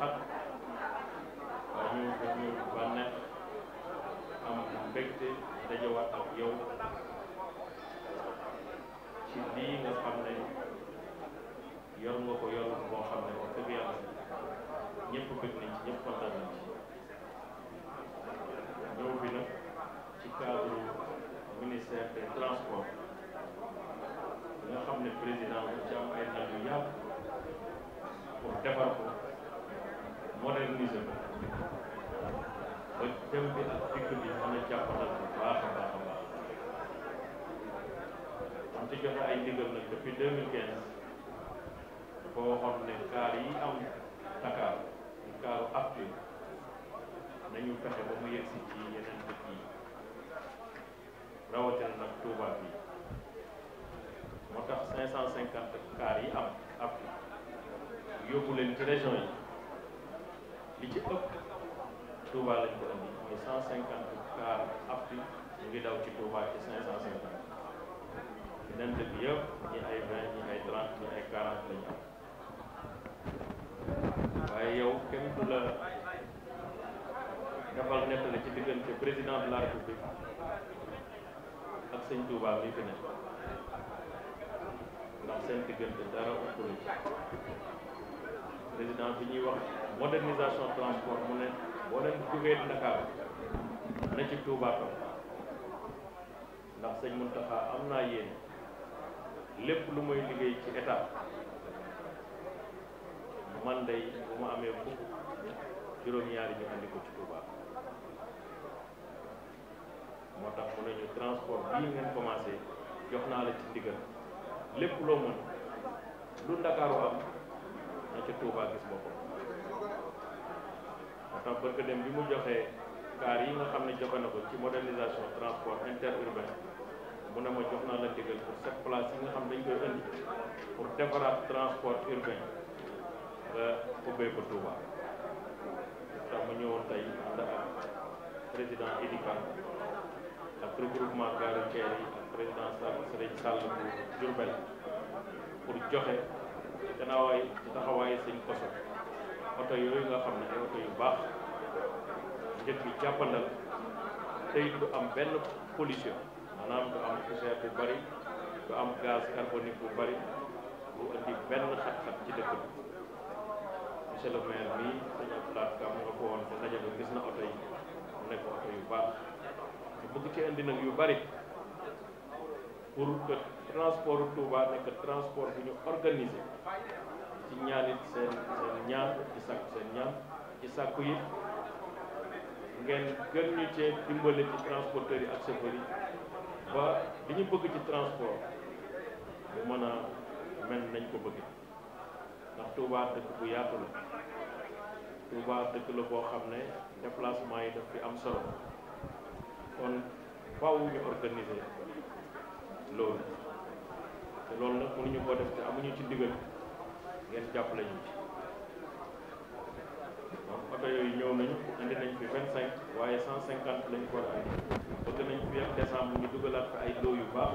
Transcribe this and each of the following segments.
xat waaye ñëw def am mbégte dajawaat ak yow ci lii nga ne yor nga ko yor ne wax dëgg yàlla ñëpp bëgg nañ ci ñëpp kontaan nañ ci ñëw bi nag ci cadre ministère des ne président bu ci am ay nag pour defar moderniser ko ba dem bi ak dikk bi mën a jàppalal bu baax a baax a baax am ci joxe ay ndigal nag depuis 2015 dafa waxoon ne kaar yi am Dakar ñu kaaru appi nañu fexe ba mu yegsi ci yeneen dëkk yi nag Touba bi moo tax 550 kaar yi am appi yóbbu leen ci yi li ci ëpp Touba lañ ko indi cent cinquante car Afrique ñu ngi daw ci Touba ci cinq cinquante beneen dëkk yëpp ñi ay vingt ñi ay trente ay quarante la am waaye yow kenn du la defal nettali ci diggante président de la république ak sëñ Touba mi fi nekk ndax seen diggante dara ëpp ci président bi ñuy wax modernisation transport mu ne boo leen jógee Ndakaaru na ci Touba ko ndax sëñ Mountakha am naa yéen lépp lu muy liggéey ci état man dey bu ma amee fukk juróom-ñaari ñu andi ko ci Touba moo tax mu ne ñu transport bii ngeen commencé jox naa la ci ndigal lépp loo mën lu Ndakaaru am ki ca Touba gis boppam moo tax barka bi mu joxee kaar yi nga xam ne joxe na ko ci modernisation transport interurbain mu ne ma jox naa la ndigal pour cette place yi nga xam dañ koy indi pour defaraat transport urbain nga ubbee ko Touba tax ma ñëwoon tey ànd ak président Edifa ak regroupement a routière yi ak président Serigne Sall bu Diourbel pour joxe taxawaay taxawaayu sëñ koso oto yooyu nga xam ne ay oto yu baax njëg bi jàppandal tey du am benn pollution maanaam du am poussière bu bari du am gaz carbonique bu bari bu indi benn xat-xat ci dëkk bi monsieur le maire nga ko woon te gis na oto yi mu nekk oto yu baax ñu bëgg ci indi nag yu bari pour que transport Touba nekk transport bu ñu organiser ci ñaanit seen seen ñaan ci sàkku seen ñaan ci sàkku yi ngeen gën ñu cee dimbale ci transporteurs yi ak chauffeurs yi ba li ñu bëgg ci transport bu mën a mel nañ ko bëgg ndax Touba dëkk bu yaatu la Touba dëkk la boo xam ne déplacement yi daf fi am solo kon faaw ñu organiser loo te loolu nag mënuñu koo def te amuñu ci ndigal ngeen jàppale ñu ci donc oto yooyu ñëw nañu indi nañ fi vingt cinq waaye cent cinquante lañ ko war a indi bëgg ay loo yu baax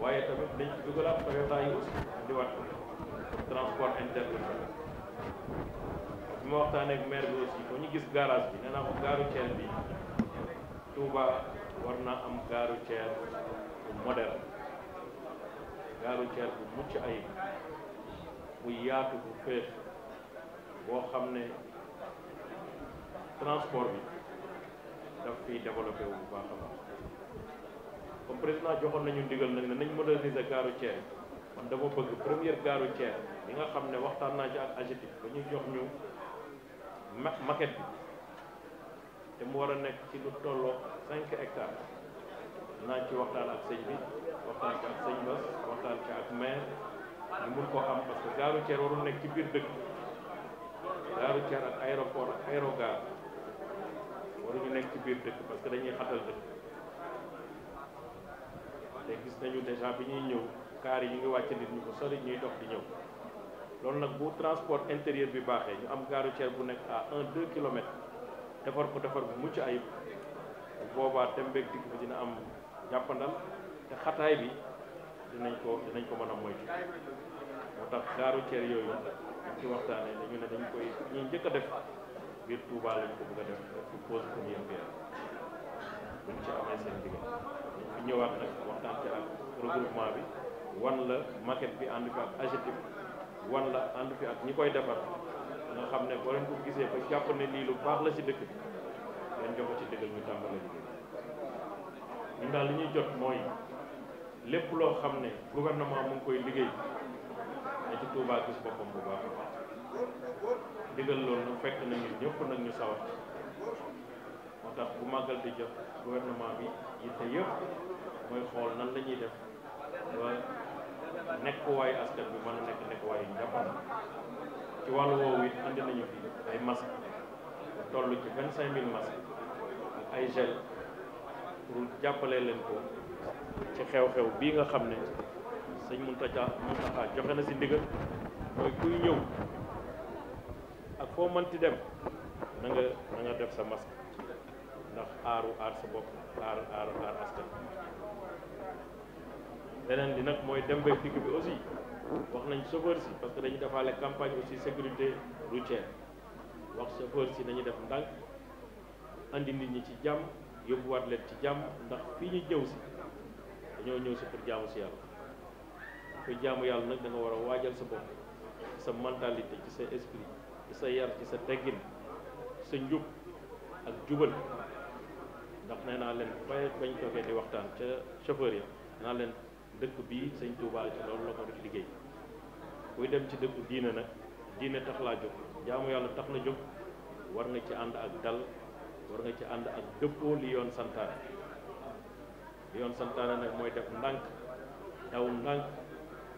waaye tamit dañ ci dugalaat Toyota yi aussi indiwaat ko transport interurbain bi ma waxtaanee ak maire bi aussi ñu gis garage bi nee naa ko gaaru Thiel bi Touba war naa am gaaru Thiel model gaaru ceer bu mucc ayib bu yaatu bu féex boo xam ne transport bi daf fiy développé wu bu baax a ya, baax comme président joxoon nañu ndigal nag ne nañ moderniser gaaru ceer man dama bëgg première gaaru ceer li nga xam ne waxtaan naa ci ak AGETIP ba ñu jox ñu maquette bi te mu war a nekk ci lu tolloo cinq hectares naa ci waxtaan ak sëñ bi waxtaan ko ak sëñ Bas waxtaan ko ak maire ñu mun koo am parce que gaaru ceer warul nekk ci biir dëkk gaaru ceer ak aéroport ak aérogare waruñu nekk ci biir dëkk parce que dañuy xatal dëkk te gis nañu déjà bi ñuy ñëw kaar yi ñu ngi wàcc nit ñu ko sori ñuy dox di ñëw loolu nag bu transport intérieur bi baaxee ñu am gaaru ceer bu nekk a un deux kilomètres defar ko defar bu mucc ayib boobaa dem beeg dikk dina am jàppandal te xataay bi dinañ ko dinañ ko mën a moytu moo tax gaaru ceer yooyu dañ ci waxtaanee dañu ne dañ koy ñuy njëkk a def biir Touba lañ ko bëgg a def pour pose première pierre buñ ci amee seen digal dañ ñëwaat nag waxtaan ci ak regroupement bi wan la maquette bi ànd fi ak AGETIP wan la ànd fi ak ñi koy defar nga xam ne boo leen ko gisee ba jàpp ne lii lu baax la ci dëkk bi ngeen jox ko ci dëggal ñu tàmbale liggéey daal li ñuy jot mooy lépp loo xam ne gouvernement mu ngi koy liggéey na ci gis boppam bu baax a baax loolu nag fekk na ñun ñëpp nag ñu sawar moo tax bu màggal di jot gouvernement bi yitte yëpp mooy xool nan la ñuy def ba nekkuwaayu askan bi mën a nekk nekkuwaayu njàppal ci wàll woowu it andi nañu fi ay masques toll ci vingt cinq mille masques ak ay gel pour jàppale leen ko ci xew-xew bii nga xam ne sëñ Muntaxa Muntaxa na si ndigal mooy kuy ñëw ak foo mënti dem na nga na nga def sa masque ndax aaru ar sa bopp aar aar aar askan leneen li nag mooy dem beeg dikk bi aussi wax nañ chauffeur si parce que dañu defaale campagne aussi sécurité routière wax chauffeur si nañu def ndànk andi nit ñi ci jàmm yóbbuwaat leen ci jàmm ndax fii ñu jëw si dañoo ñëw si pour jaamu si yàlla kuy jaamu yàlla nag da war a waajal sa bopp sa mentalité ci sa esprit ci sa yar ci sa teggin sa njub ak jubal ndax nee naa leen bay bañ toogee di waxtaan ca chauffeur ya naa leen dëkk bii sëñ Tuubaa ci loolu la ko def liggéey kuy dem ci dëkku diine nag diine tax laa jóg jaamu yàlla tax la jóg war nga ci ànd ak dal war nga ci ànd ak dëppoo li yoon santaane li yoon santaane nag mooy def ndànk daw ndànk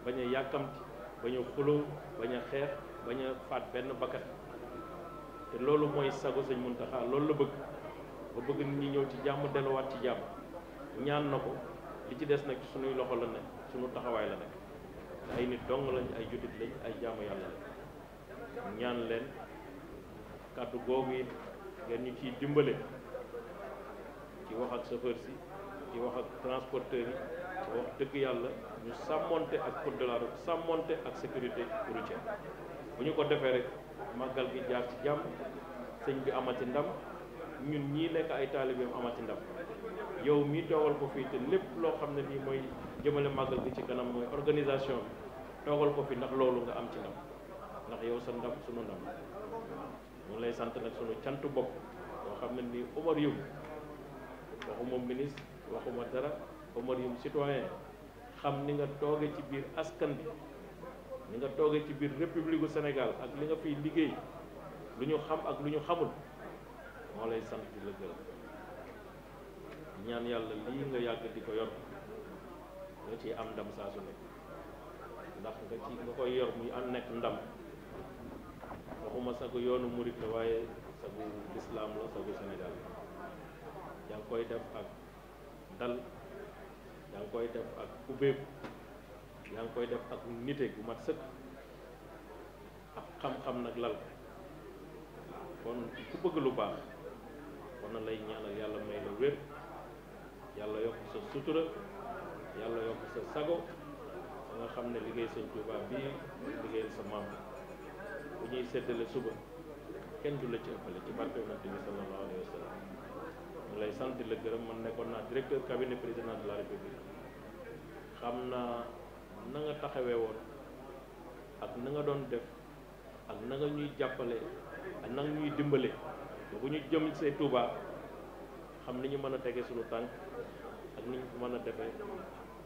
bañ a yàkkamti bañ a xuloo bañ a xeex bañ a faat benn bakkat te loolu mooy sago sëñ Muntaxa loolu la bëgg ba bëgg nit ñi ñëw ci jàmm delluwaat ci jàmm ñaan na ko li ci des nag suñuy loxo la nekk suñu taxawaay la nekk te ay nit dong lañ ay jullit lañ ay jaamu yàlla lañ ñaan leen kàddu googu it ngeen ñu ciy dimbale ci wax ak chauffeur si ci wax ak transporteur yi wax dëgg yàlla ñu sàmmonte ak code de la route ak sécurité routière bu ñu ko defee rek màggal gi jaar ci jàmm sëñ bi amati ndam ñun ñii nekk ay taalibeem amati ndam yow mii toogal ko fii te lépp loo xam ne nii mooy jëmale màggal gi ci kanam mooy organisation bi toogal ko fi ndax loolu nga am ci ndam ndax yow sa ndam sunu ndam ñu lay sant nag sunu cantu bopp boo xam ne ni Omar Youm waxuma ministre waxuma dara Omar Youm citoyen xam ni nga tooge ci biir askan bi ni nga tooge ci biir république gu Sénégal ak li nga fiy liggéey lu ñu xam ak lu ñu xamul moo lay sant di la gërëm ñaan yàlla lii nga yàgg di ko yor nga ciy am ndam saa su nekk ndax nga ci nga koy yor muy am nekk ndam waxuma sagu yoonu murit la waaye sagu lislaam la sagu Sénégal yaa ngi koy def ak dal yaa ngi koy def ak ubbeeku yaa ngi koy def ak nite gu mat sëkk ak xam-xam nag lal kon ku bëgg lu baax kon na lay ñaanal yàlla may la wér yàlla yokk sa sutura yàlla yokk sa sago ba nga xam ne liggéey sëñ Tuubaa bii liggéeyal sa maam bu ñuy séddale suba kenn du la ci ëppale ci barke yonante bi sallallahu alayhi wa sallam lay sant la gërëm man nekkoon naa directeur cabinet président de la république xam naa na nga taxawee woon ak na nga doon def ak na nga ñuy jàppale ak na nga ñuy dimbale ba bu ñu jëm see Touba xam ni ñu mën a tege suñu tànk ak ni ñu mën a defee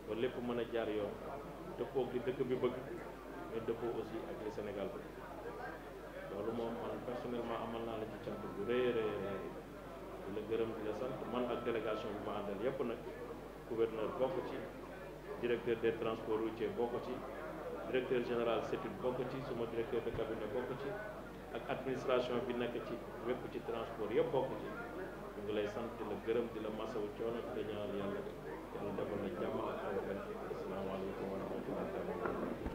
ba lépp mën a jaar yoon dëppoo ak dëkk bi bëgg mais dëppoo aussi ak li Sénégal bëgg loolu moom man personnellement amal naa la ci cant bu rëy rëy rëy la gërëm di la sant man ak délégation bu ma àndal yëpp nag gouverneur bokk ci directeur des transports routiers bokk ci directeur général CETUD bokk ci suma directeur de cabinet bokk ci ak administration bi nekk ci wépp ci transport yëpp bokk ci ñu ngi lay sant di la gërëm di la masawu coono di la ñaanal yàlla yàlla defal na jàmm ak aw asalaamaaleykum wa rahmatullahi wa barakatuh